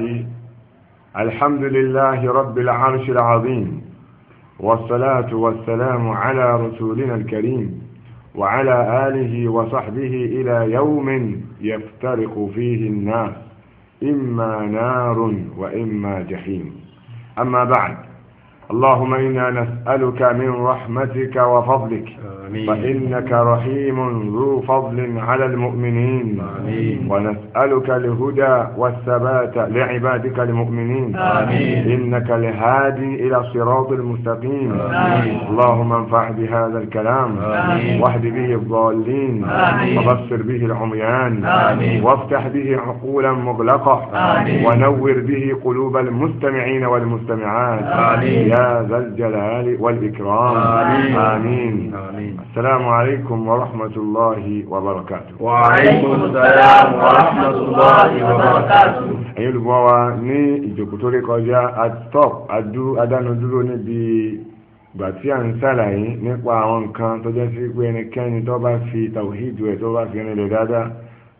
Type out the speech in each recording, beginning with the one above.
الله الحمد لله رب العرش العظيم والصلاة والسلام على رسولنا الكريم وعلى آله وصحبه إلى يوم يفترق فيه الناس إما نار وإما جحيم أما بعد اللهم إنا نسألك من رحمتك وفضلك آمين. فإنك رحيم ذو فضل على المؤمنين آمين. ونسألك الهدى والثبات لعبادك المؤمنين آمين. إنك الهادي إلى صراط المستقيم آمين. اللهم انفع بهذا الكلام آمين. واهد به الضالين آمين. وبصر به العميان آمين. وافتح به عقولا مغلقة آمين. ونور به قلوب المستمعين والمستمعات آمين. يا يا ذا الجلال والإكرام آمين. آمين. آمين السلام عليكم ورحمة الله وبركاته وعليكم السلام ورحمة الله وبركاته ẹ̀yin olùgbọ́ wa ní ìjòkó tó rí kọjá atop adánudúró níbi ìgbà tí à ń ṣàlàyé nípa àwọn nǹkan tó jẹ́ sí pé ẹnikẹ́ni tó bá fi tàwíìdù ẹ̀ tó bá fi rinlẹ̀ dáadáa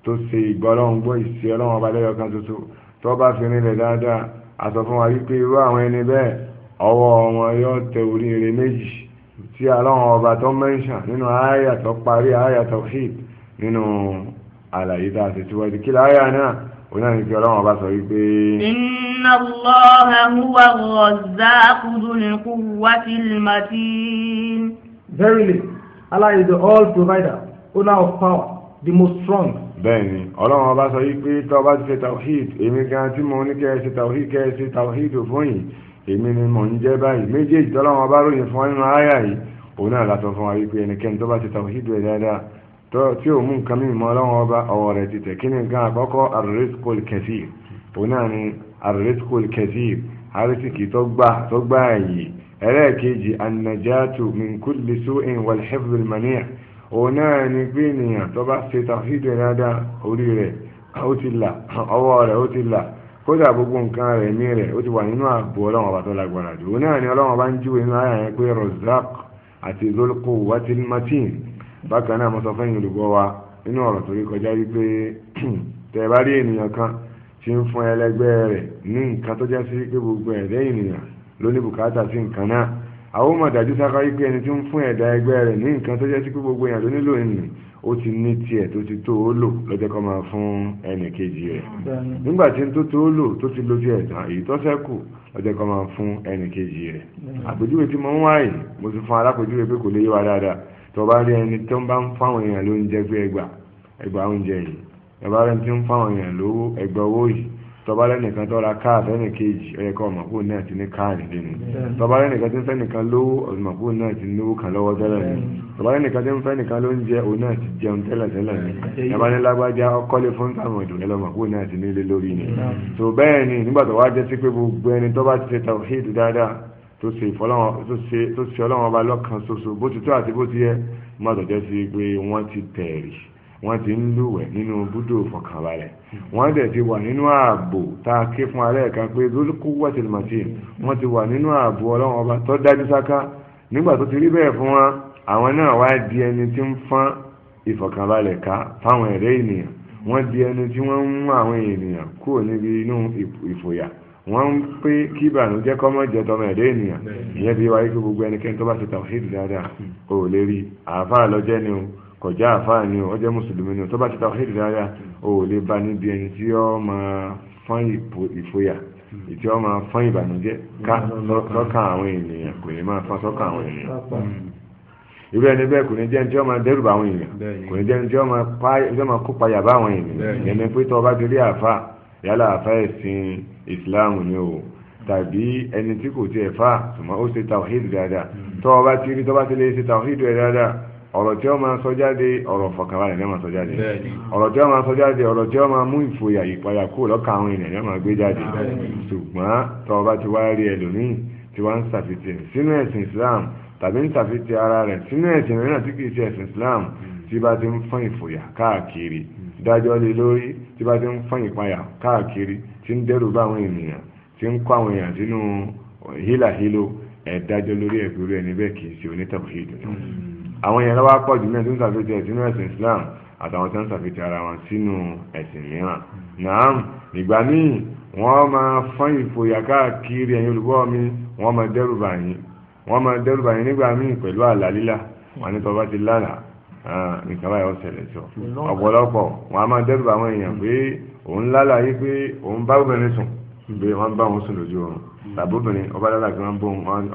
tó ṣe ìgbọ́lọ́hún gbọ́ ìṣe ọlọ́run ọba lẹ́yọ̀kan tuntun tó bá fi rinlẹ̀ dáadáa àsọ fún wa wípé irú àwọn ẹni bẹ́ẹ̀ ọwọ́ wọn yóò tẹ oríire méjì tí aláwọn ọba tó mẹ́ńṣà nínú àyà tó parí àyà tawhid nínú àlàyé tá a ti síwájú kí láyà náà onáà ní kí ọlọ́run ọba sọ wípé. inna Allaha huwa ar-razzaqu dhul quwwati al-matin. verily Allah is the all provider owner of power the most strong. bẹ́ẹ̀ni ọlọ́run ọba sọ wípé tọba ti ṣe tawhid èmi gan tí mo ní kẹ ẹ ṣe tawhid kẹ ẹ ṣe tawhid fún yìí èmi ni mò ń jẹ́ báyìí méjèèjì tọ́lọ́wọ́n bá ròyìn fún nínú àyà yìí òun náà látọ̀ fún wa wípé ẹnikẹ́ni tó bá ti tàwọn ìdù ẹ̀ dáadáa tí ò mú nǹkan mímọ́ ọlọ́wọ́n ọba ọ̀wọ̀ rẹ̀ ti tẹ̀ kí ni nǹkan àkọ́kọ́ àrùrẹ́sìkò kẹsì òun náà ni àrùrẹ́sìkò kẹsì àrísìkì tó gbà tó gbà yìí ẹlẹ́ẹ̀kejì annajatu min kulli su'in wal òun náà ni pé ènìyàn tó bá ṣe tàwọn ìdù dáadáa orí rẹ̀ ó ti là ọwọ́ rẹ̀ ó ti là kódà gbogbo nǹkan rẹ̀ mí rẹ̀ ó ti wà nínú ààbò ọlọ́run ọba tó lágbára jù òun náà ni ọlọ́run ọba ń júwe nínú ayà yẹn pé rozak àti lóko wàtí martin bákan náà mo sọ fẹ́yìn olùgbọ́ wa nínú ọ̀rọ̀ tó rí kọjá wípé tẹ̀ bá rí ènìyàn kan tí ń fún ẹlẹgbẹ́ rẹ̀ ní nǹkan tó jásí pé gbogbo ẹ̀dẹ́ ènìyàn ló ní bùkátà sí nǹkan náà àwọn ọmọ dájú sáká wípé ẹni tí ń fún ẹ̀dá ẹgbẹ́ rẹ̀ ní nǹkan tó jásí pé gbogbo ènìyàn ló nílò ènìyàn ó ti ní tiẹ̀ tó ti tó ó lò lọ́jọ́ kan máa fún ẹnì kejì rẹ̀ nígbà tí tó tó ó lò tó ti lo tiẹ̀ tán èyí tó ṣẹ́kù lọ́jọ́ kan máa fún ẹnì kejì rẹ̀ àpèjúwe tí mo ń wá yìí mo ti fún alápèjúwe pé kò lè yé wa dáadáa tó bá rí ẹni tó ń bá ń fáwọn èèyàn lóúnjẹ gbé ẹgbà ẹgbà oúnjẹ yìí tó bá rí ẹni tó ń fáwọn èèyàn lówó ẹgbà owó yìí tọba lẹ́nìkan tọ́ra káàdì ẹnì kejì ẹ̀yẹ kan ọ̀mọ̀kú náà ti ní káàdì nínú tọba lẹ́nìkan tí ń fẹ́ nìkan lówó ọ̀mọ̀kú náà ti lówó kan lọ́wọ́ tẹ́lẹ̀ ni tọba lẹ́nìkan tí ń fẹ́ nìkan ló ń jẹ òun náà ti jẹun tẹ́lẹ̀ tẹ́lẹ̀ ni ẹ̀bá ní lágbájá ọkọ́lé fún tàmọ̀dù ẹlọ́mọ̀kú náà ti nílé lórí ni tó bẹ́ẹ̀ ni nígbà tó wá jẹ́ sí pé gbogbo ẹni tọ́ba ti ṣe tawhid dáadáa tó wọ́n ti ń lúwẹ̀ nínú búdò fọkànbalẹ̀ wọ́n dẹ̀ ti wà nínú ààbò tá a ké fún alẹ́ kan pé lórúkú wọ́tí màtí wọ́n ti wà nínú ààbò ọlọ́run ọba tó dájú sáká nígbà tó ti rí bẹ́ẹ̀ fún wọn àwọn náà wá di ẹni tí ń fọ́n ìfọkànbalẹ̀ ká fáwọn ẹ̀rẹ́ ènìyàn wọ́n di ẹni tí wọ́n ń mú àwọn ènìyàn kúrò níbi inú ìfòyà wọ́n ń pé kí ìbànújẹ́ kọ́mọ́ jẹ tọmọ ẹ̀dẹ́ ènìyàn ìyẹn bí wáyé kí gbogbo ẹnikẹ́ni tó bá ti tàwọn ṣèdí dáadáa ò lè rí àáfàá lọ́jẹ́ ni o kọjá àfáà ni ó jẹ́ mùsùlùmí ni tó bá ti ta ọ̀hìn ìdára ó lè ba níbi ẹni tí ó máa fán ìfòyà ìtí ó máa fán ìbànújẹ́ ká sọ́kàn àwọn ènìyàn kò ní máa fán sọ́kàn àwọn ènìyàn irú ẹni bẹ́ẹ̀ kò ní jẹ́ ní tí ó máa dẹ́rù bá àwọn ènìyàn kò ní jẹ́ ní tí ó máa kópa yàbá àwọn ènìyàn ìyẹn ni pé tó bá ti rí àfáà yálà àfáà ẹ̀sìn ìsìláàmù ni o tàbí ẹni tí kò tiẹ̀ fà ṣùgbọ́n ó ṣe tàwíìdì dáadáa tó o bá ti rí tó bá ti lè ṣe tàwíìdì dáadáa ọ̀rọ̀ tí ó máa sọ jáde ọ̀rọ̀ fọkànbalẹ̀ ní ó máa sọ jáde ọ̀rọ̀ tí ó máa sọ jáde ọ̀rọ̀ tí ó máa mú ìfòyà ìpayà kúrò lọ́kàn àwọn ènìyàn ní ó gbé jáde ṣùgbọ́n tọ́ ti wá rí ẹlòmíì tí wọ́n ń ṣàfihàn sínú ẹ̀sìn Islam tàbí ń ṣàfihàn ara rẹ̀ sínú ẹ̀sìn mìíràn tí kì ṣe ẹ̀sìn Islam tí bá ti ń fọ́n ìfòyà káàkiri dájọ́ lé lórí tí bá ti ń fọ́n ìpayà káàkiri tí ń dẹ́rù bá àwọn ènìyàn tí ń kọ́ àwọn èèyàn sínú hílàhílo ẹ̀dájọ́ lórí ẹ̀gbẹ́rú ẹni bẹ́ẹ̀ kì ṣe onítàbí ìdùnnú àwọn èèyàn lọ́wọ́ pọ̀ jù náà tó ń ṣàfihàn ẹ̀sìn ẹ̀sìn Islam àtàwọn tó ń ṣàfihàn ara wọn sínú ẹ̀sìn mìíràn náà ìgbà míì wọ́n máa fọ́n ìfòyà káàkiri ẹ̀yin olùgbọ́ mi wọ́n máa dẹ́rù bà yín wọ́n máa dẹ́rù bà yín nígbà míì pẹ̀lú àlá lílà wọn ní tọ́ba ti lálàá nǹkan báyìí ṣẹlẹ̀ sọ ọ̀pọ̀lọpọ̀ wọn a máa dẹ́rù bà àwọn èèyàn pé òun lálàá yí pé òun bá obìnrin sùn pé wọ́n bá òun sùn lójú oorun tàbí obìnrin ọba lálàá pé wọ́n bó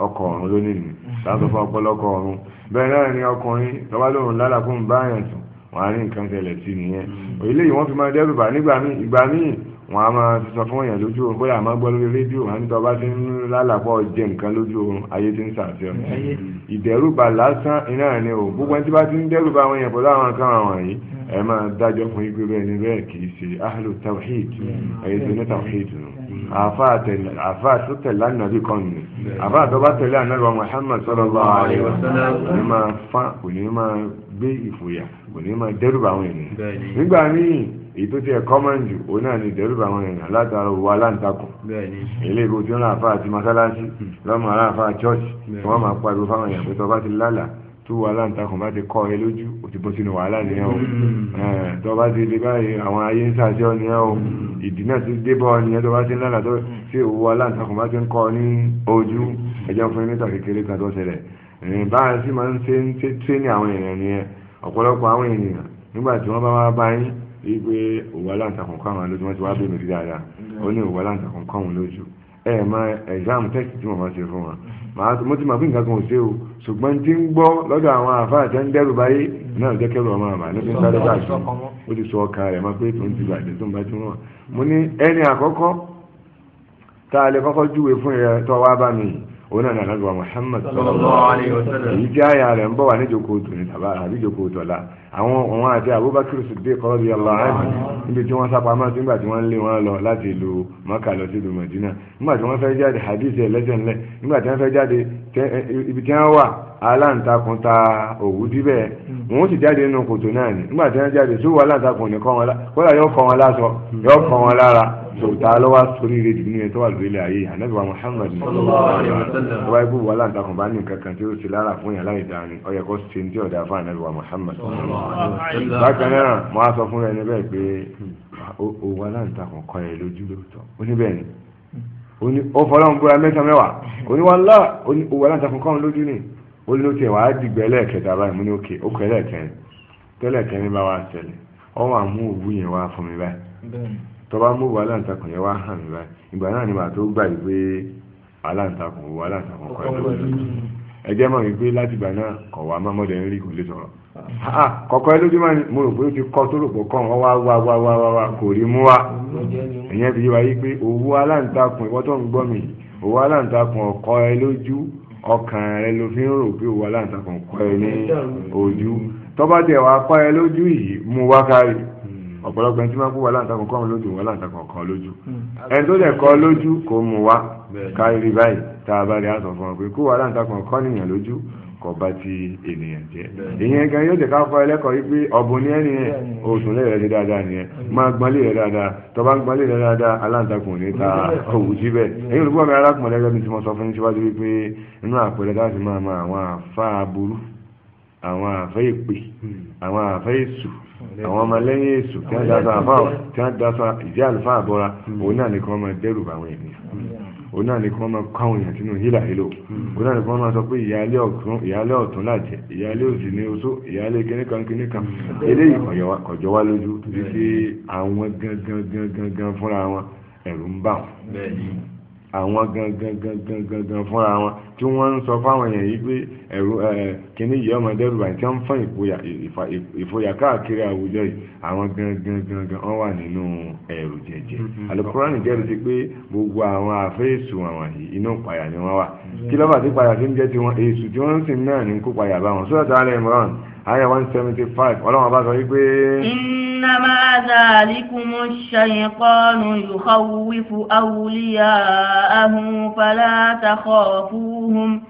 ọkọ ọ̀run lónìí láti fún ọ̀pọ̀lọpọ̀ ọrùn bẹ́ẹ̀ náà ni ọkùnrin tọba lóhùn lálàkùn báyàn sùn wọn á ní nǹkan tẹ́lẹ̀ sí nìyẹn òyìnlẹ hmm. yìí wọn fi máa dẹ́rù bà nígbà míì ìgbà míì wọn a máa sọ fún èèyàn lójú oorun bóyá àmọ́ gbọ́ lórí rédíò wọn ní tọba ti ń lálàpọ̀ jẹ nǹkan lójú oorun ayé ti ń sàfihàn hmm. ìdẹ́rùbà lásán iná ni o gbogbo ẹni tí bá ti ń dẹ́rùbà àwọn èèyàn pẹ̀lú àwọn nǹkan àwọn yìí hmm. ẹ máa dájọ́ fún igbó àfáà tó tẹ̀lé ànábì kan ni àfáà tó bá tẹ̀lé ànábì wa Muhammad sallallahu alaihi wasallam kò ní máa fán kò ní máa gbé ìfòyà kò ní máa dẹ́rùbà àwọn ènìyàn nígbà míì èyí tó ti ẹ̀ kọ́mọ̀n jù ó náà ni dẹ́rùbà àwọn èèyàn látara owó aláǹtakùn eléyìí tí wọ́n láǹfà àti mọ́sálásí hmm. lọ́mọ aláǹfà chọ́ọ̀ṣì wọ́n máa pariwo fáwọn èèyàn pé tó bá ti lálàá tó wàhálà ń takùn bá ti kọ́ ẹ lójú ó ti bọ́ sínú wàhálà nìyẹn o mm. tó bá ti di báyìí àwọn ayé ń sàṣẹ ọ nìyẹn o mm. ìdínà ti dé bọ́ nìyẹn tó bá ti ń lálà tó ṣe mm. òwò wàhálà ń takùn bá ti ń kọ́ ní ojú ẹjọ́ fún níta kékeré kan tó ṣẹlẹ̀ bá a sì máa ń ṣe ń ṣe ní àwọn èèyàn nìyẹn ọ̀pọ̀lọpọ̀ àwọn ènìyàn nígbà tí wọ́n bá wá bá yín wípé òwò aláǹtakùn kọ́ kọ́ ẹ máa exam test tí mo máa ṣe fún wa màá mo ti máa fi nǹkan kan ṣe o ṣùgbọ́n tí ń gbọ́ lọ́dọ̀ àwọn àfáà tẹ́ ń dẹ́rù báyé náà jẹ́ kẹ́rù ọmọ àmà ní fún sáré báyìí ó ti sọ ọkà rẹ̀ máa pé tó ń ti bàjẹ́ tó ń bá ti rún wa. mo ní ẹni àkọ́kọ́ tá a lè kọ́kọ́ júwe fún ẹ tó wá bá mi yìí òun náà nàgbà Muhammad sallallahu alaihi wasallam èyí tí àyà rẹ̀ ń bọ̀ wà ní ìjókòó tòní tàbá àbí ìjókòó tọ̀la àwọn òun àti Abubakar Siddiq radiyallahu anhu níbi tí wọ́n sápá máa nígbà tí wọ́n ń lé wọn lọ láti ìlú Maka lọ sí ìlú Madina nígbà tí wọ́n fẹ́ jáde hadith ẹlẹ́sẹ̀ ńlẹ̀ nígbà tí wọ́n fẹ́ jáde ibi tí wọ́n wà aláǹtakùn ta òwú díbẹ̀ wọn ó sì jáde nínú kòtò náà ni nígbà tí wọ́n jáde sówó aláǹtakùn nìkan wọn kọ́lá yóò kọ́ wọn láṣọ yóò kọ́ wọn lára sọ̀tà lọ́wọ́ sórí rẹ̀ dùn ní ẹ̀ tó wà lórílẹ̀ ayé ànábìwá Muhammad ní ọba ikú wà láǹtakùn bá ní nǹkan kan tí ó ṣe lára fún yàrá ìdáni ọyẹ kó ṣe ní tí ọ̀dà fún ànábìwá Muhammad. bákan náà mo á sọ fún ẹni bẹ́ẹ̀ pé o wà láǹtakùn kọ ẹ lójú lóòótọ́ ó ní bẹ́ẹ̀ ni ó ní ó fọlọ́ ń búra mẹ́ta mẹ́wàá ó ní wà láà ó wà láǹtakùn kọ́ lójú ni ó ní ó wàá dìgbẹ́ lẹ́ẹ̀kẹta tọba mú wọ aláǹtakùn yẹn wá hàn mí báyìí ìgbà náà ni màá tó gbà yìí pé aláǹtakùn wọ aláǹtakùn kọ́ ẹ̀dọ́ ẹ jẹ́ mọ̀ wípé láti ìgbà náà kọ̀ wá má mọ́dẹ̀ ń rí kò lè sọ̀rọ̀ ah, ah, kọ̀kọ́ ẹ lójúmọ́ ni mo rò pé ó ti kọ́ tó rò pọ̀ kọ́ wọn wá wá wá wá wá wá kò rí mú wá ìyẹn fi wáyé pé owó aláǹtakùn ìwọ́n tó ń gbọ́ mi owó aláǹtakùn ọ̀kọ́ ẹ lójú ọkàn ẹ ló fi ń rò pé owó aláǹtakùn kọ́ ẹ ní ọ̀pọ̀lọpọ̀ ẹni tí máa kú wà láǹtakùn kọ́ lójú wà láǹtakùn kan lójú hmm. ẹni tó dẹ̀ kọ́ lójú kò mú wa kárí báyìí tá a bá rí àtọ̀ fún ọ pé kú wà láǹtakùn kọ́ nìyàn lójú hmm. kò bá ti ènìyàn jẹ́ ìyẹn gan yóò jẹ́ ká fọ ẹlẹ́kọ̀ọ́ yìí pé ọ̀bùn ní ẹni yẹn oṣù lè rẹ̀ dáadáa nìyẹn hmm. máa gbọ́nlé rẹ̀ dáadáa tó bá ń gbọ́nlé rẹ̀ dáadáa aláǹtakùn ní ta òwú síbẹ̀ èyí olùkọ́ mi arákùnrin lẹ́gbẹ́ mi ti mọ sọ fún yín síwájú wípé inú àpẹẹrẹ láti máa ma àwọn àfa aburú àwọn àfẹ́ ìpè àwọn àfẹ́ ìsù àwọn ọmọlẹ́yìn èṣù tí wọ́n dáṣọ ìdí àlùfáà bọ́ra òun náà nìkan máa dẹ́rù báwọn ènìyàn òun náà nìkan máa káwọn èèyàn sínú hílà hílò òun náà nìkan máa sọ pé ìyáálé ọ̀tún lájẹ ìyáálé òsì ní oṣó ìyáálé kíníkan kíníkan eléyìí kọjọ wá lójú títí àwọn gangan gangan fúnra wọn ẹ̀rù ń bà wọn àwọn gangan gangan gangan fúnra wọn tí wọ́n ń sọ fáwọn èèyàn yìí pé ẹ̀rù kìíní yìí ọmọ dẹ́rù báyìí tí wọ́n ń fọ́n ìfòyà káàkiri àwùjọ yìí àwọn gangan gangan wọ́n wà nínú ẹ̀rù jẹjẹ alukurani jẹ́rìí sí pé gbogbo àwọn àfẹ́sù àwọn yìí inú ìpayà ni wọ́n wà mm-hmm. kí lọ́ba tí ìpayà fi ń jẹ́ tiwọn èsù tí wọ́n ń sìn náà ní kó payà bá wọn sọ́dọ̀ tí wọ́n lè mọ̀ ọ́n àyà one seventy five ọlọ́wọ́n bá sọ wípé. إنما ذلكم الشيطان يخوف أولياءه فلا تخافوهم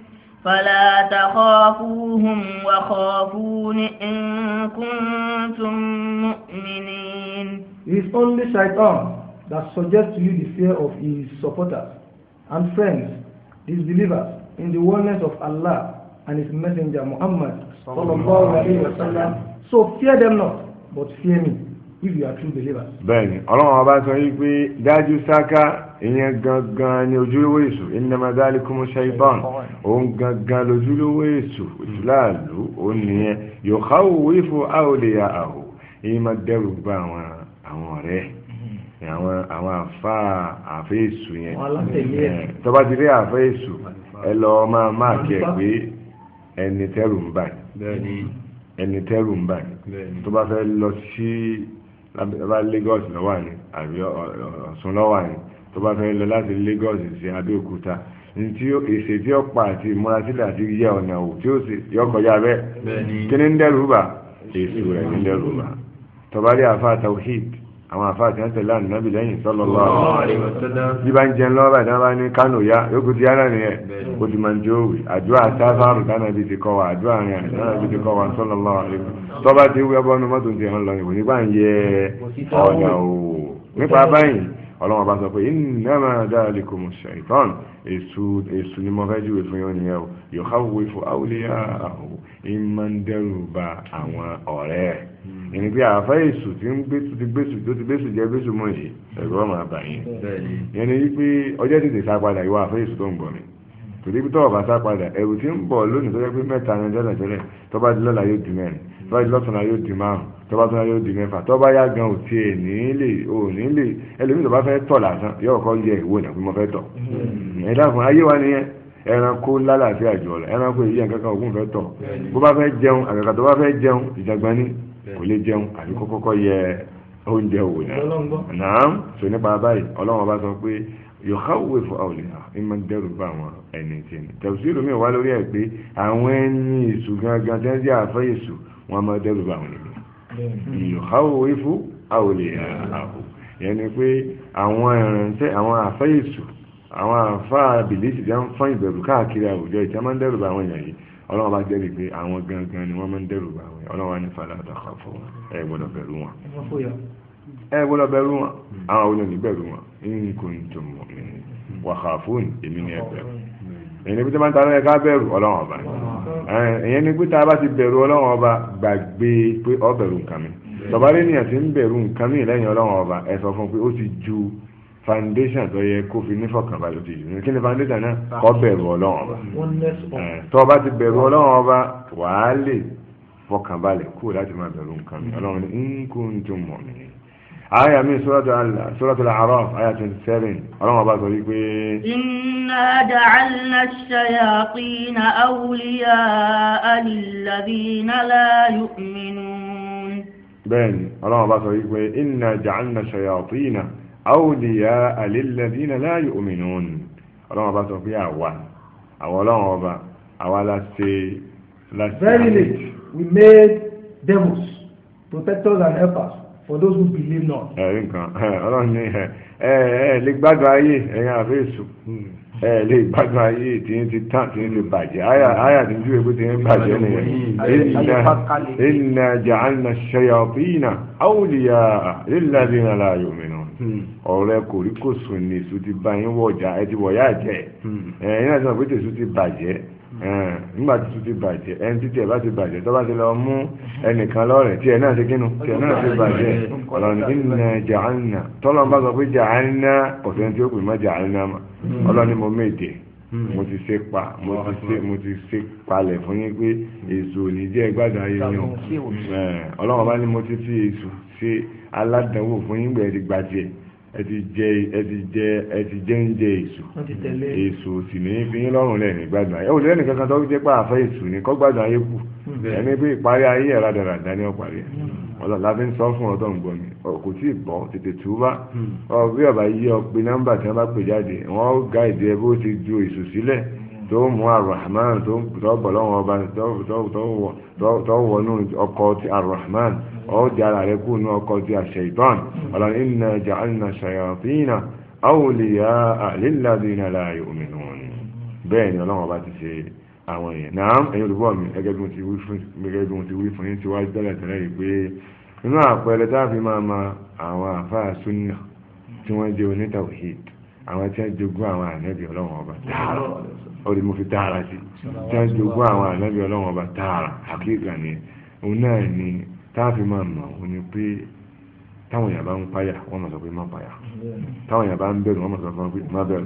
فلا تخافوهم وخافون إن كنتم مؤمنين It is only Shaitan that suggests to you the fear of his supporters and friends, disbelievers, in the oneness of Allah and his messenger Muhammad صلى الله عليه وسلم. So fear them not but fear me if you are true believers. bẹ́ẹ̀ni Ọlọ́run ọba sọ yìí pé dájú sáká ìyẹn gangan ni ojúlówó èṣù innama dhalikum shaytan òun gangan lójúlówó èṣù ìtúláàlú òun nìyẹn yukhawwifu awliya'ahu èyí máa dẹ́rù gba àwọn àwọn ọ̀rẹ́ àwọn àwọn àfa àfẹ́ èṣù yẹn tọ́ba ti rí àfẹ́ èṣù ẹ lọ́ọ́ máa máa kí pé ẹni tẹ́rù ń báyìí ẹni tẹ́rù ń bà ní tó bá fẹ́ lọ sí bá Lagos lọ́wọ́ ni àbí Ọ̀ṣun lọ́wọ́ ni tó bá fẹ́ lọ láti Lagos sí Abẹ́òkúta tí èsè tí ó pa àti ìmúrasílẹ̀ àti yíyá ọ̀nà ò tí ó sì yọ kọjá bẹ́ẹ̀ kí ni ń dẹ́rù bà èsì rẹ̀ ń dẹ́rù bà tọ́ba àfa tawhid àwọn àfáà tí wọ́n tẹ̀lé ànábì lẹ́yìn sallallahu alaihi wasallam bí bá ń jẹun lọ́wọ́ bàtà bá ní kánò yá yókù ti yára nìyẹn ó ti máa ń jó òwe àdúrà sáfàrù tánàbí ti kọ́ wa àdúrà rẹ̀ tánàbí ti kọ́ wa sallallahu alaihi wasallam tọ́ba ti wúyọ́ bọ́nu mọ́tò ti hàn lọ ìwò nígbà ń yẹ ọ̀nà òwò nípa báyìí ọlọ́wọ́n bá sọ pé innama dhalikumu shaitan èṣù ni mo fẹ́ júwe fún yóò nìyẹn o yukhawwifu awliya'ahu ìmọ̀ ń dẹ́rù ba àwọn ọ̀rẹ́ ẹ̀ hmm. ìní pé àfẹ́ èṣù tí ń gbésù ti gbésù tó ti gbésù jẹ́ gbésù mọ́ yìí ẹ̀rọ ọmọ àbà yẹn yẹn ni wípé ọjọ́ tètè sá padà ìwọ àfẹ́ èṣù tó ń bọ̀ mi tòdí pé sá padà ẹ̀rù tí ń bọ̀ lónìí tó jẹ́ pé mẹ́ta ni ọjọ́ tó bá di lọ́la yóò di mẹ́rin tọ́jú lọ́tùnà yóò di márùn tọ́ba tún yóò di mẹ́fà tọ́ba yá gan ò tiẹ̀ ní lè ò ní lè ẹlòmíì tọ́ba fẹ́ tọ̀ lásán yóò kọ́ yẹ ìwé ìnà pé fẹ́ tọ̀ hmm. ẹ dákun ayé wa nìyẹn ẹranko lálàáfíà jù ọ lọ ẹranko èyí yẹn kankan fẹ́ tọ̀ bó fẹ́ jẹun àgàgà tó fẹ́ jẹun ìjàgbọ́n kò lè jẹun àbí kọ́kọ́kọ́ yẹ oúnjẹ wò náà nàám sọ nípa báyìí ọlọ́run ọba sọ pé yòókàwé fún àwòlẹ́hà ẹ máa ń dẹ́rù bá àwọn ẹni tẹ̀síìlú mi wá lórí ẹ̀ pé àwọn ẹni èṣù gangan tẹ́ńsì àfẹ́ èṣù wọ́n máa dẹ́rù bá àwọn ènìyàn ìyòháwò ifú àwòlè àhò yẹn ni pé àwọn ẹ̀rẹ̀ntẹ́ àwọn àfẹ́ èṣù àwọn àfá bìlísì jẹ́ ń fọ́n ìbẹ̀rù káàkiri àwùjọ ìtẹ́ máa ń dẹ́rù bá àwọn èèyàn yìí ọlọ́run bá jẹ́rìí pé àwọn gangan ni wọ́n máa ń dẹ́rù bá àwọn èèyàn ọlọ́run wá ní fàlà àtàkọ́ fún wọn ẹ gbọ́dọ̀ bẹ̀rù wọn ẹ gbọ́dọ̀ bẹ̀rù wọn àwọn olóyìn èyí ni pé tí wọ́n ń tarọ́ yẹ ká bẹ̀rù ọlọ́run ọba èyí ni pé tá a bá ti bẹ̀rù ọlọ́run ọba gbàgbé pé ọ bẹ̀rù nǹkan mi tọ́ba lé nìyẹn ń bẹ̀rù nǹkan mi lẹ́yìn ọlọ́run ọba ẹ sọ fún pé ó ti ju foundation tó yẹ kó fi nífọ̀kànbalẹ̀ ti jù kí ni foundation náà kó bẹ̀rù ọlọ́run ọba tọ́ba ti bẹ̀rù ọlọ́run ọba wàá lè fọkànbalẹ̀ kú láti máa bẹ̀rù nǹkan mi ọlọ́run ní nkúntùmọ̀mí آية من سورة سورة الأعراف آية 27 اللهم بارك فيك إنا جعلنا الشياطين أولياء للذين لا يؤمنون بين اللهم بارك فيك إنا جعلنا الشياطين أولياء للذين لا يؤمنون اللهم بارك فيك أول أولا أولا سي Verily, we made devils, protectors and helpers for those who believe not. ẹ̀rí nǹkan ọlọ́run ní ẹ ẹ lè gbádùn ayé ẹ̀yin àfẹ́ èso ẹ lè gbádùn ayé tí ń ti tán tí ń lè bàjẹ́ àyà tí ń ju ewu tí ń bàjẹ́ nìyẹn inna ja'alna ash-shayatina awliya'a lilladhina la yu'minun hmm. ọ̀rẹ́ kòríkòsùn ní èso ti bá yín wọ̀jà ẹ ti wọ̀ yá jẹ́ hmm. ẹ̀yin àti ọ̀pẹ̀tẹ̀ èso ti bàjẹ́. nígbà tí ti bàjẹ́ ẹni títí ẹ̀ bá ti bàjẹ́ tó ti lọ mú ẹnìkan lọ́rẹ̀ tí ẹ̀ náà ti kínú tí náà ti bàjẹ́ ọlọ́run ìnà jàánà tọ́lọ́n bá sọ pé jàánà ọ̀sẹ̀ tí ó pè jàánà mà hmm. mo méje hmm. mo ti ṣe pa hmm. mo ti ṣe palẹ̀ fún yín pé èso jẹ́ bá ní mo ti fi èso aládàáwò ẹti jẹ ẹti jẹ ẹti jẹ ń jẹ èso èso sì ní fi yín lọ́rùn lẹ́nu ìgbádùn ayé olùdẹ́ni kankan tó jẹ́ pé àfẹ́ èso ni kọ́ gbádùn ayé kù ẹni pé ìparí ayé ẹ̀rọ àdàràdà ni ó parí hmm. ọlọ́ la fi ń sọ fún ọdọ́ ǹgbọ́n mi kò tí ì bọ́ tètè tú bá hmm. ọ bí ọba yí ọ pé nọ́mbà tí wọ́n bá pè jáde wọ́n ga ìdí ẹ bó ti ju èso sílẹ̀ tó mú arahman tó bọ̀ lọ́wọ́ ọba tó wọnú ọkọ̀ ti arahman ó jára rẹ kú ní ọkọ̀ ti àṣẹ̀tàn ọ̀làní inna ja'alna shayatina awliya'a lilladhina la yu'minun bẹ́ẹ̀ ni ọlọ́wọ́ ọba ti ṣe àwọn èèyàn náà ẹ̀yin olùgbọ́ mi gẹ́gẹ́ bí mo ti wí fún yín ti wájú tẹ́lẹ̀ tẹ́lẹ̀ yìí pé inú àpẹẹrẹ tá a fi máa ma àwọn àfáà súnà tí wọ́n jẹ́ onítàwíhìd àwọn tí wọ́n jogún àwọn ànẹ́bí ọlọ́wọ́n ọba tààrọ̀ orí mo fi tààrà sí tí wọ́n jogún àwọn ànábì ọlọ́run ọba tààrà àkíkà ni òun náà ni táàfi máa mọ̀ òun ni pé táwọn èèyàn bá ń páyà wọ́n mọ̀ sọ pé má páyà táwọn èèyàn bá ń bẹ̀rù wọ́n mọ̀ sọ pé má bẹ̀rù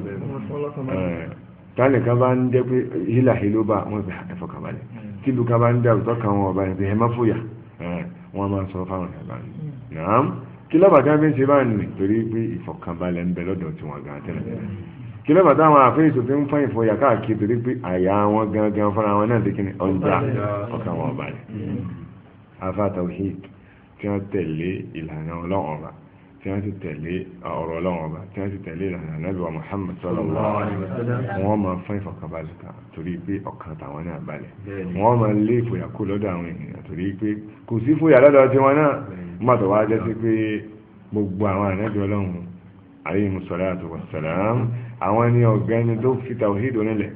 tálẹ̀ ká bá ń jẹ́ pé hílà híló bá wọ́n fi ẹ̀fọ́ kàbálẹ̀ hmm. tílu ká bá ń dàrú tọ́ka wọn ọba ẹ̀ pé má fòyà wọ́n máa ń sọ fáwọn èèyàn báyìí nàám hmm. kí lọ́bàtà fi ń ṣe báyìí torí pé ìfọ̀kànbalẹ̀ ń bẹ lọ́dọ̀ tiwọn gan tẹ́lẹ̀ tẹ́lẹ̀ kí ló bàtà àwọn àfin ìṣòfin ń fọ́n ìfọ̀yà káàkiri torí pé àyà wọn gangan fúnra wọn náà dékìní ọjà ọkàn wọn balẹ̀ afa tawhid tí wọ́n tẹ̀lé ìlànà ọlọ́run ọba tí wọ́n sì tẹ̀lé ọ̀rọ̀ ọlọ́run ọba tí wọ́n sì tẹ̀lé ìlànà ànábì wa Muhammad sallallahu alaihi wasallam wọ́n máa fọ́n ìfọ̀kànbalẹ̀ kan torí pé ọkàn tàwọn náà balẹ̀ wọ́n máa lé ìfòyà kú lọ́dọ̀ àwọn ènìyàn torí pé kò sí ìfòyà lọ́dọ̀ tiwọn náà mọ́tò wá jẹ́ sí pé gbogbo àwọn ànábì ọlọ́run àríhùn sọ́láàtù wàsàlám àwọn salam ọ̀gbẹ́ni tó ni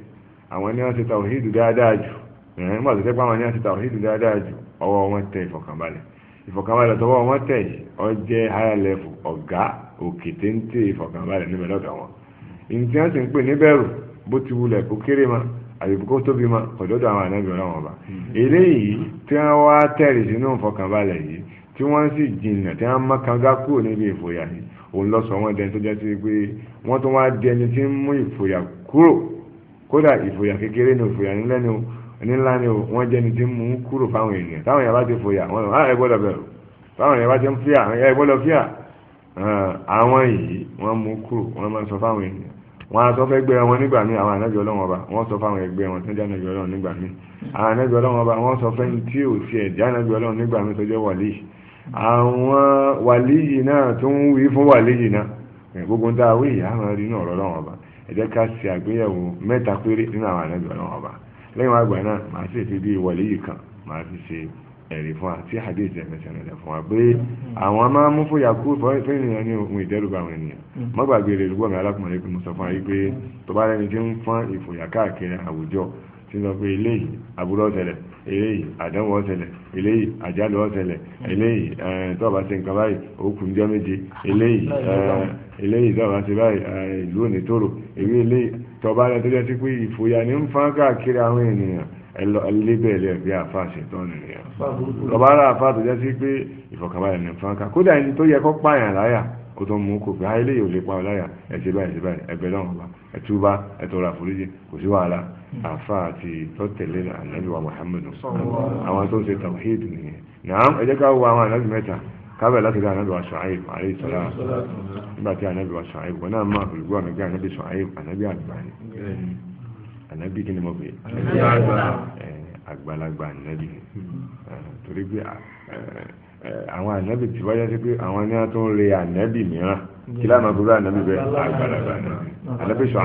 wọ́n ti tàwíìdù dáadáa jù nígbà ni wọ́n ti tàwíìdù dáadáa jù ọwọ́ wọn tẹ ìfọ̀kànbalẹ̀ ìfọ̀kànbalẹ̀ tọwọ́ wọn tẹ̀ ọ jẹ́ higher level ọ̀gá òkè téńté ìfọ̀kànbalẹ̀ níbẹ̀ lọ́dọ̀ wọn ìǹtí wọ́n sì ń pè níbẹ̀rù bó ti wulẹ̀ ma àyùbùkó tóbi ma ọ̀dọ́dọ̀ àwọn ànábì ọba hmm. òun lọ sọ wọn dẹni tó jẹ́ sí pé wọ́n tún wá di ẹni tí ń mú ìfòyà kúrò kódà ìfòyà kékeré ni ìfòyà nílẹ̀ ni nílá ni wọ́n jẹ́ ẹni tí ń mú kúrò fáwọn ènìyàn táwọn yàrá ti fòyà wọn àwọn ẹ̀ gbọ́dọ̀ bẹ̀rù táwọn yàrá ti ń fíà ẹ̀ gbọ́dọ̀ fíà àwọn yìí wọ́n mú kúrò wọ́n máa ń sọ fáwọn ènìyàn wọn a sọ fẹ́ gbé wọn nígbà míì àwọn ànábì Ọlọ́run ọba wọn sọ fáwọn ẹgbẹ́ wọn tẹjá ànábì Ọlọ́run nígbà míì àwọn ànábì Ọlọ́run ọba wọn sọ fẹ́ tí ò tiẹ̀ já ànábì Ọlọ́run nígbà míì tó jẹ́ wàlíì àwọn wàlíyì náà tó ń wí fún wàlíyì náà gbogbo ń dáa wíyì àwọn rí náà lọ́wọ́ ọba ẹ jẹ́ ká ṣe àgbéyẹ̀wò mẹ́ta péré nínú àwọn ànábì ọlọ́wọ́ ọba lẹ́yìn àgbà náà màá sì fi bíi wàlíyì kan màá fi ṣe ẹ̀rí fún wa tí hadith ẹ̀ fẹsẹ̀ rẹ̀ fún wa pé àwọn máa mú fún yakú fẹ́ẹ̀nìyàn ní ohun ìdẹ́rùbà àwọn ènìyàn má gbàgbé rẹ̀ lùgbọ́n mi alákùnrin pé mo sọ fún wa pé tó bá rẹni tí ń fọ́n ìfòyà káàkiri àwùjọ tí eléyìí àdánwò ọ̀sẹ̀lẹ̀ eléyìí àjálù ọ̀sẹ̀lẹ̀ eléyìí eh, tọ́ọ̀bá ṣe nǹkan báyìí òkú ńjọ́ méje eléyìí eh, eléyìí tọ́ọ̀bá ṣe báyìí eh, ìlú òní tóró ewé eléyìí tọ́ọ̀bá rẹ̀ tó jẹ́ sí pé ìfòyà ní ń fán káàkiri àwọn ènìyàn ẹlẹ́bẹ̀ ilé àfa ṣètọ́ nìyẹn tọ́ọ̀bá rà àfa tó jẹ́ sí pé ìfọ̀kànbalẹ̀ ní fán ká kódà àfa àti tọ́tẹ̀lé ànábì wa muhammadu àwọn tó ń ṣe tawhid nìyẹn náà ẹ jẹ́ ká wo àwọn ànábì mẹ́ta kábẹ̀ láti rí ànábì wa nígbà tí wa wọn náà máa olùgbọ́ àmì gbé ànábì ṣùáìb ànábì àgbà ni ànábì kí ni mo pè é àgbàlagbà torí pé àwọn wáyé sí pé àwọn ní a re mìíràn kí àgbàlagbà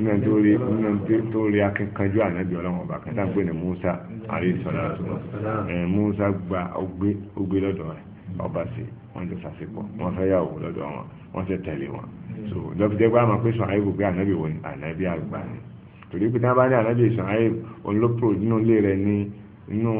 nínú tó rí akínkanjú ànábì ọlọ́run ọba kan táǹpé ní Musa àríṣọlá Musa gba ọgbẹ́ lọ́dọ̀ rẹ̀ ọba sí wọ́n jọ sàṣepọ̀ wọ́n fẹ́ yàwó lọ́dọ̀ wọn wọ́n sì tẹ̀lé wọn so lọ́fíjẹ́ pé àmọ́ pé sọ àyè gbogbo ànábì wọn ànábì àgbà ni torí pé tábà ní ànábì sọ àyè olópò nínú ilé rẹ̀ ní nínú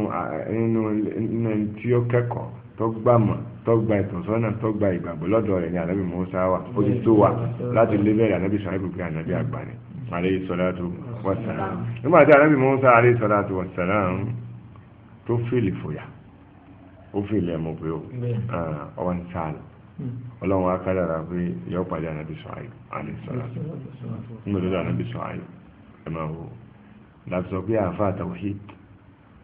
tí ó kẹ́kọ̀ọ́ tó gbàmọ̀ tọgba ìtọ̀sọ́nà tọgba ìgbàgbọ́ lọ́dọ̀ rẹ̀ ní ànábì Mùsá wa ó ti tó wa láti lé bẹ̀rẹ̀ ànábì sọ̀rọ̀ ìgbòkè ànábì àgbà ni alayhi salatu wa salam nígbà tí anábì Musa alayhi salatu wa salam tó fìlì fòyà ó fìlì ẹ̀mọ́ pé ó ọwọ́ ń sá lọ hmm. ọlọ́run akádára pé yọ pàdé anábì Ṣuaibu alayhi salatu nígbà tó dá anábì Ṣuaibu ẹ̀ máa wò láti sọ pé àáfàá tawhid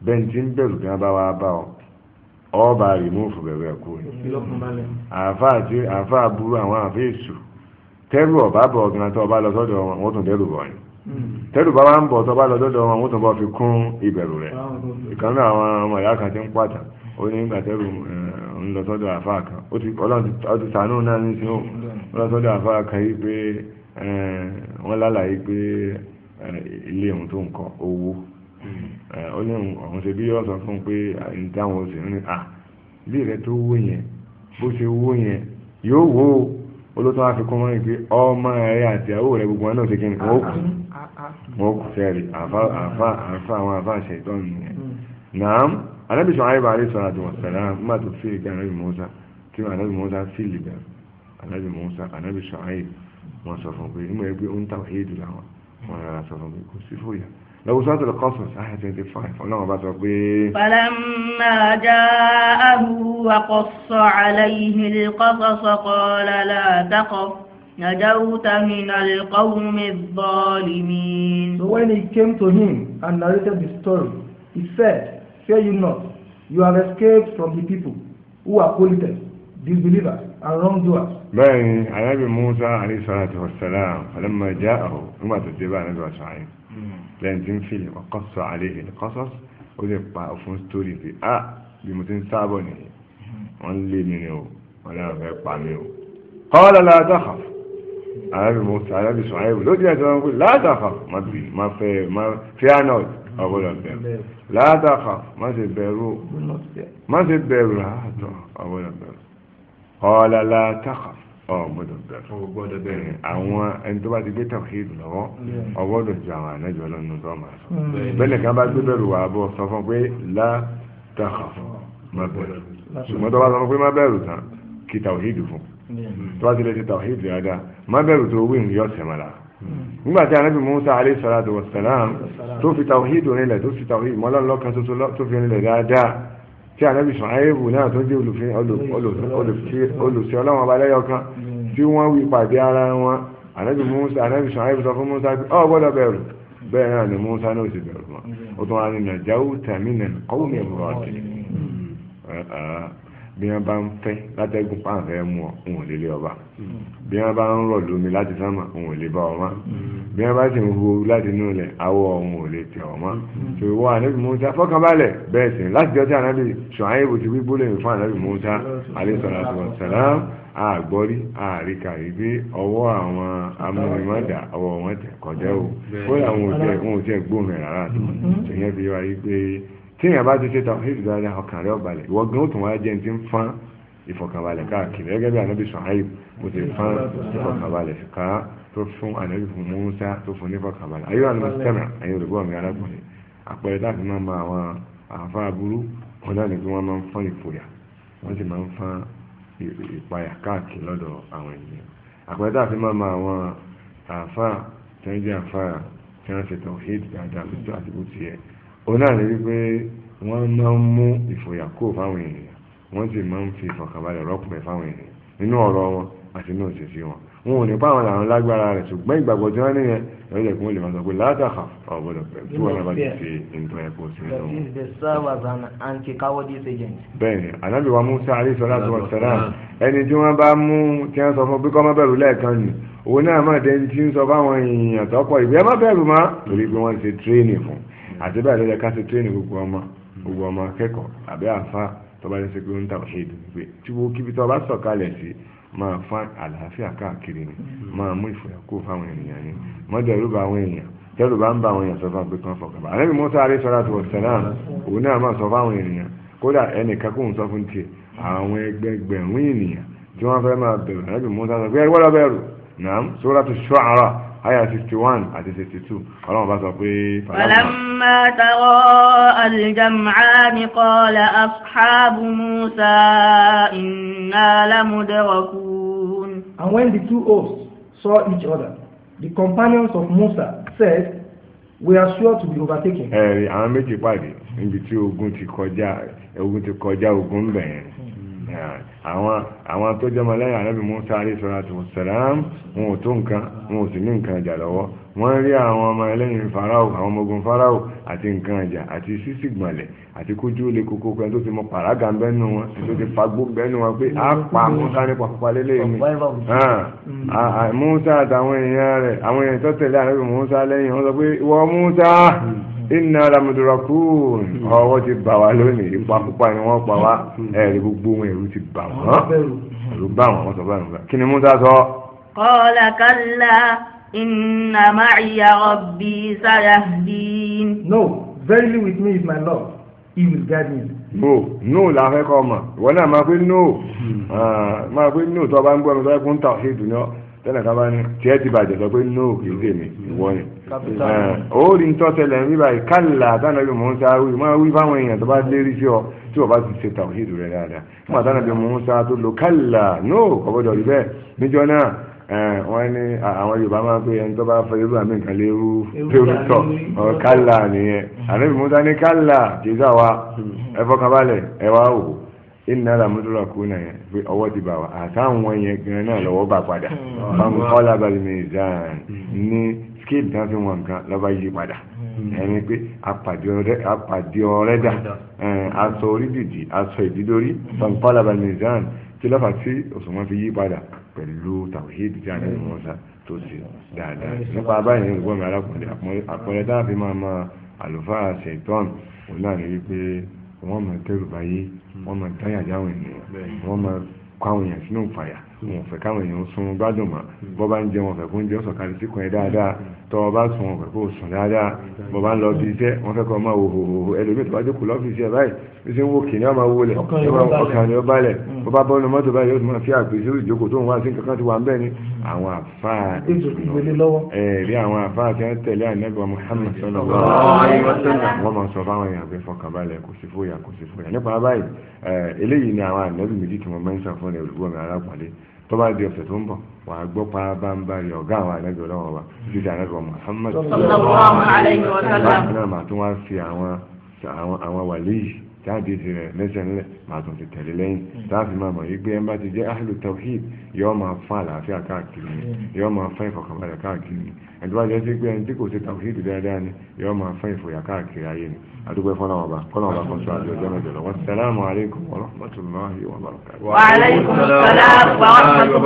bẹ́ẹ̀ tí ń bẹ̀rù kí wọ́n bá wá bá ọ ọba rìmúfù bẹ̀rẹ̀ kú ni àáfàá burú àwọn àfẹ́ èṣù tẹrụ ọ̀bá bọ ọ̀gàn tó ọba lọ sọ́dọ̀ wọn wọ́n tún dẹ́rù bọ̀ ni hmm. tẹ́rù bá ń bọ̀ tó wọn tún fi kún ìkànnì àwọn ọmọ ìyá kan ti ń pàtà ó ní nígbà ń eh, àfáà kan ó olótó wá fi kún mọ́ nígbé ọmọ rẹ̀ àti àwọ̀ rẹ̀ gbogbo wọn náà ṣe kíni wọ́n kù ah, ah. wọ́n kù sẹ́ẹ̀rì àfa àwọn àfa àṣẹ ìtọ́ nìyẹn hmm. naam anábì sọ ayé bàálẹ̀ sọ àti wọn sẹ̀rẹ̀ nígbà tó fi ìgbà anábì Musa tí anábì Musa fi lìgbà anábì Musa anábì sọ ayé wọn sọ fún pé nígbà yẹn pé ó ń tàwọn èèdù làwọn wọn rà sọ fún pé kò sí fòyà lọ́wọ́ sọ́tò lè kọ́sùn sáyà twenty five ọlọ́run bá sọ pé. falamma ja'ahu wa qassa alayhi al-qasasa qala la taqaf najawta So when he came to him and narrated the story, he said, Fear you not, you have escaped from the people who are polluted, disbelievers, and wrongdoers. bẹ́ẹ̀ni anabi musa alayhi salatu wa salam falamma ja'ahu nígbà tó dé bá anabi wa sàáyé lẹ́yìn tí ń fi ọkọ̀sọ̀ àlehi ọkọ̀sọ̀ ó lè pa òfin sítórì pé a ah, bí mo ti ń sábọ̀ nìyí wọ́n lé mi ni o wọ́n lẹ́yìn fẹ́ pa mi o. kọ́lá látàkà arábì musa arábì sọ̀háìbù ló di ẹ̀sọ́ pé látàkà má bì má fẹ́ má fíánọ̀t ọ̀gbọ́dọ̀ bẹ̀rù látàkà má ṣe bẹ̀rù má ṣe bẹ̀rù látọ̀ ọ̀gbọ́dọ̀ bẹ̀rù kọ́lá látàkà ọgbọ́dọ̀ bẹ̀rẹ̀ àwọn ẹni tó bá ti gbé tawhid lọ́wọ́ ọgbọ́dọ̀ ju àwọn ànájọ lọ́nà tó máa sọ mm. bẹ́ẹ̀ kan bá gbé bẹ̀rù wà bọ́ sọ fún pé la takhaf má bẹ̀rù ṣùgbọ́n tó bá sọ fún pé má bẹ̀rù tán kí tawhid fún tó bá ti lè ti tawhid dáadáa má bẹ̀rù tó wí ní ọ̀sẹ̀ mọ́ra mm. nígbà tí anabi musa alayhi salatu wa salam tó fi tawhid rinlẹ̀ tó fi tawhid mọ́lá lọ́kan ṣoṣo tó fi rinlẹ̀ dáadáa tí anabi sọ̀rọ̀ náà tó jẹ́ olùfẹ́ olùsí ọlọ́wọ́n ọba lẹ́yọ kan tí wọ́n wí pàdé ara wọn anabi musa anabi sọ̀rọ̀ sọ fún musa pé ọ gbọ́dọ̀ bẹ̀rù bẹ́ẹ̀ náà ni musa náà sì bẹ̀rù wọn ó tún wá ní nàjáwó tàmínà kọ́wọ́ mi rọ̀ ọ́tì bí wọ́n bá ń fẹ́ látẹ́gùn pàǹfẹ́ mu ọ̀ ń wò lélẹ̀ ọba bí wọ́n bá ń rọ̀ lómi láti sánmà ń wò lé bá ọ bí wọ́n bá sì ń hu láti inú ilẹ̀ awọ ọ̀hún ò lè tẹ̀ ọ́ mọ́ tó wọ́n ànábì Musa fọkànbalẹ̀ bẹ́ẹ̀ sì láti jọ́ tí ànábì Ṣuaibu ti wí bólèmí fún ànábì Musa alayhi salatu wa salam àgbọ́rí àríkàrí pé ọwọ́ àwọn amúnimọ́dà ọwọ́ wọn tẹ̀ kọjá o ó làwọn ò tẹ̀ gbóhùn ẹ̀ rárá tó ìyẹn fi wáyé pé tíyàn bá ti ṣe tán hídùú dáadáa ọkàn rẹ ọbalẹ̀ ìwọ gan ó tún wáá jẹ́ ní ti ń fán ìfọkànbalẹ̀ káàkiri gẹ́gẹ́ bí anábì Ṣuaibu mo ti fán ìfọkànbalẹ̀ ká tó fún ànábì fún Musa tó fún ní fọkànbalẹ̀ ayé àwọn mọ̀sítẹ́mà ẹ̀yìn olùgbọ́ mi arákùnrin àpẹẹrẹ láti máa ma àwọn àfa aburú wọn náà ni pé wọ́n máa ń fọ́n ìfòyà wọ́n sì máa ń fọ́n ìpayà káàkiri lọ́dọ̀ àwọn ènìyàn àpẹẹrẹ láti máa ma àwọn àfa tí wọ́n jẹ́ àfa tí wọ́n ṣètò hate dáadáa lójú àti bó ti ni wípé wọ́n máa ń mú ìfòyà kó fáwọn ènìyàn wọ́n sì máa ń fi ìfọ̀kànbalẹ̀ rọ́pò àti inú òṣèṣì wọn wọn ò ní pa àwọn làwọn lágbára rẹ̀ ṣùgbọ́n ìgbàgbọ́ tí wọ́n ní yẹn ẹ̀rọ jẹ́ kí wọ́n lè máa sọ pé látàkà ọ̀gbọ́dọ̀ pẹ̀lú tí wọ́n bá ti ṣe nǹkan ẹ̀kọ́ sí i. bẹ́ẹ̀ni anabi wa musa alayisalaam sọ sara ẹni tí wọ́n bá mú tí wọ́n sọ fún bí kọ́ má bẹ̀rù lẹ́ẹ̀kan ni òun náà má dé ti ń sọ fáwọn èèyàn tọ́pọ̀ ìgbé má bẹ̀rù má torí pé wọ́n ṣe tírénì fún àti bẹ́ẹ̀ lọ́jọ́ máa fá àlàáfíà káàkiri ni máa mú ìfòyà kó fáwọn ènìyàn ni mọ́jọ́rú bá àwọn èèyàn tẹ́lú bá ń bá àwọn èèyàn sọ fún pé kán fọkàn bá àlẹ́ mi mọ́tò àrí sọ́ra tó ọ̀sẹ̀ náà òun náà máa sọ fáwọn ènìyàn kódà ẹnìkan kó ń sọ fún tiẹ̀ àwọn ẹgbẹgbẹ̀rún ènìyàn tí wọ́n fẹ́ máa bẹ̀rù àlẹ́ mi mọ́tò àrí sọ́ra àyà sixty one àti sixty two ọlọ́run bá sọ pé. falamma tara al-jam'ani qala ashabu musa inna and when the two hosts saw each other the companions of musa said we are sure to be overtaken. ẹ̀rí àwọn méjì pàdé níbi tí ogun ti kọjá ogun ti kọjá ogun bẹ̀yẹn. Hmm àwọn àwọn tó jẹ́ mọ́lẹ́yìn ànábì Musa alayhi salatu wassalam wọn ò tó nǹkan wọn ò sì ní nǹkan ìjà lọ́wọ́ wọ́n rí àwọn ọmọ ẹlẹ́yìn farao àwọn ọmọ ogun farao àti nǹkan ìjà àti sísì gbọ̀nlẹ̀ àti kójú lè kókó pẹ́ tó ti mọ pàrágà ń bẹ́nu wọn tó ti fagbó bẹ́nu wọn pé a pa Musa nípa pupa lélẹ̀ mi ah, ah, ah, Musa àtàwọn èèyàn rẹ̀ àwọn èèyàn tó tẹ̀lé ànábì Musa lẹ́yìn wọn sọ pé ìwọ Musa iná lamudrakun hmm. ọwọ́ ti bà wá lónìí ìpakúpa ni wọ́n pa wá hmm. Hmm. ẹ̀rí gbogbo wọn ẹ̀rù ti bà wọ́n ẹ̀rù bà wọ́n wọ́n sọ bá wọn kí ni Musa sọ. qala kalla inna ma'iya rabbi sayahdin. no verily with me is my Lord he will guide me. no no la fẹ́ kọ́ ọ mọ̀ ìwọ náà máa pé no ah, máa pé no tó o bá ń gbọ́ mi tó o bá ń kún tàwọn ṣe dùn náà tẹ́lẹ̀ ká bá ní tiẹ́ ti bàjẹ́ sọ pé no kì í tèmi ìwọ ni. ó rí nítorí tẹ́lẹ̀ ń bíbáyìí kálà àtànàbí Mùsá wí máa wí fáwọn èèyàn tó bá lérí sí ọ tí o bá ti ṣe tàwíìdù rẹ dáadáa fún àtànàbí Mùsá tó lo kálà no ọ̀bọ̀dọ̀ rí bẹ́ẹ̀ níjọ́ náà wọ́n ní àwọn Yorùbá máa ń pè ẹni tó bá fẹ́ Yorùbá mi nǹkan léwu léwu tọ̀ kálà nìyẹn àtànàbí Mùsá ní kálà kì í sà wa ẹ fọkànbalẹ̀ ẹ wá wò ó iná làmúdúrà kúnà yẹn pé ọwọ́ ti bà wá àtàwọn yẹn gan náà lọ́wọ́ bà padà báwọn kọ́lá balẹ̀ mẹ́zàn ní scale náà fi wọn nǹkan lọ́ba yí padà hmm. ẹni pé apàdé ọ̀rẹ́ dà hmm. aṣọ orí dìdì aṣọ ìdídórí báwọn kọ́lá balẹ̀ mẹ́zàn tí lọ́fà tí òṣùwọ̀n fi yí padà pẹ̀lú tàwíìdì tí a ní ìwọ̀n sá tó ṣe dáadáa hmm. nípa báyìí ní ìgbọ́n mi alákùnrin àpọ̀lẹ dáàfin máa ma àlùfáà ṣètọ́n òun náà ní wípé wọ́n mọ̀ tẹ́rù báyìí wọ́n máa dáyà jáwọn ènìyàn wọ́n máa kọ́ àwọn èèyàn sínú ìpayà wọn ò fẹ́ káwọn èèyàn sún gbádùn mọ́ hmm. bọ́ ń jẹ wọn fẹ́ kó ń jẹ́ sọ̀kalẹ̀ síkùn ẹ̀ dáadáa hmm tọ́ ọba sùn kò sùn dáadáa bọ̀ bá ń lọ bí iṣẹ́ wọ́n fẹ́ kọ́ máa wò hòhòhò ẹlòmíì tó bá jókòó lọ́fíìsì ẹ̀ báyìí bí ṣe ń wò kìnìún ọmọ wo lẹ̀ ọkàn ni ó balẹ̀ mm. bó bá bọ́ ọ́nà mọ́tò báyìí ó ti máa fi àgbè ìjókòó tó ń wá sí kankan ti wà ń bẹ́ẹ̀ ni mm. àwọn àfáà ẹ̀rí àwọn àfáà ti ń tẹ̀lé ànẹ́gbọ̀n Muhammad sallallahu alaihi wasallam wọ́n máa sọ fáwọn èèyàn pé fọkànbalẹ̀ kò sí fòyà kò sí fòyà nípa báyìí eléyìí ni àwọn ànẹ́bì méjì tó bá di ọ̀sẹ̀ tó ń bọ̀ wà á gbọ́ pa bá ń bá rí ọ̀gá àwọn àlejò ọlọ́wọ́ wa títí di àlejò Muhammad náà màá wá fi àwọn àwọn wàlíì táàdì ti rẹ̀ lẹ́sẹ̀ ńlẹ̀ màá tún ti tẹ̀lé lẹ́yìn táàfin máa mọ̀ yí pé ẹnbá ti jẹ́ ahlu máa fún àlàáfíà káàkiri máa fún káàkiri ẹ̀dùn wájú ẹsẹ̀ pé ẹni tí kò ṣe tàwíìdì dáadáa ni yọ máa fún ìfòyà káàkiri ayé ni àdúgbò ẹ̀fọ́n náà ọba kọ́nà ọba kan sọ àjọ ọjọ́ mẹ́jọ lọ wọ́n ti sàlámù alaykum wa rahmatullahi wa barakatuh. wa alaykum salaam wa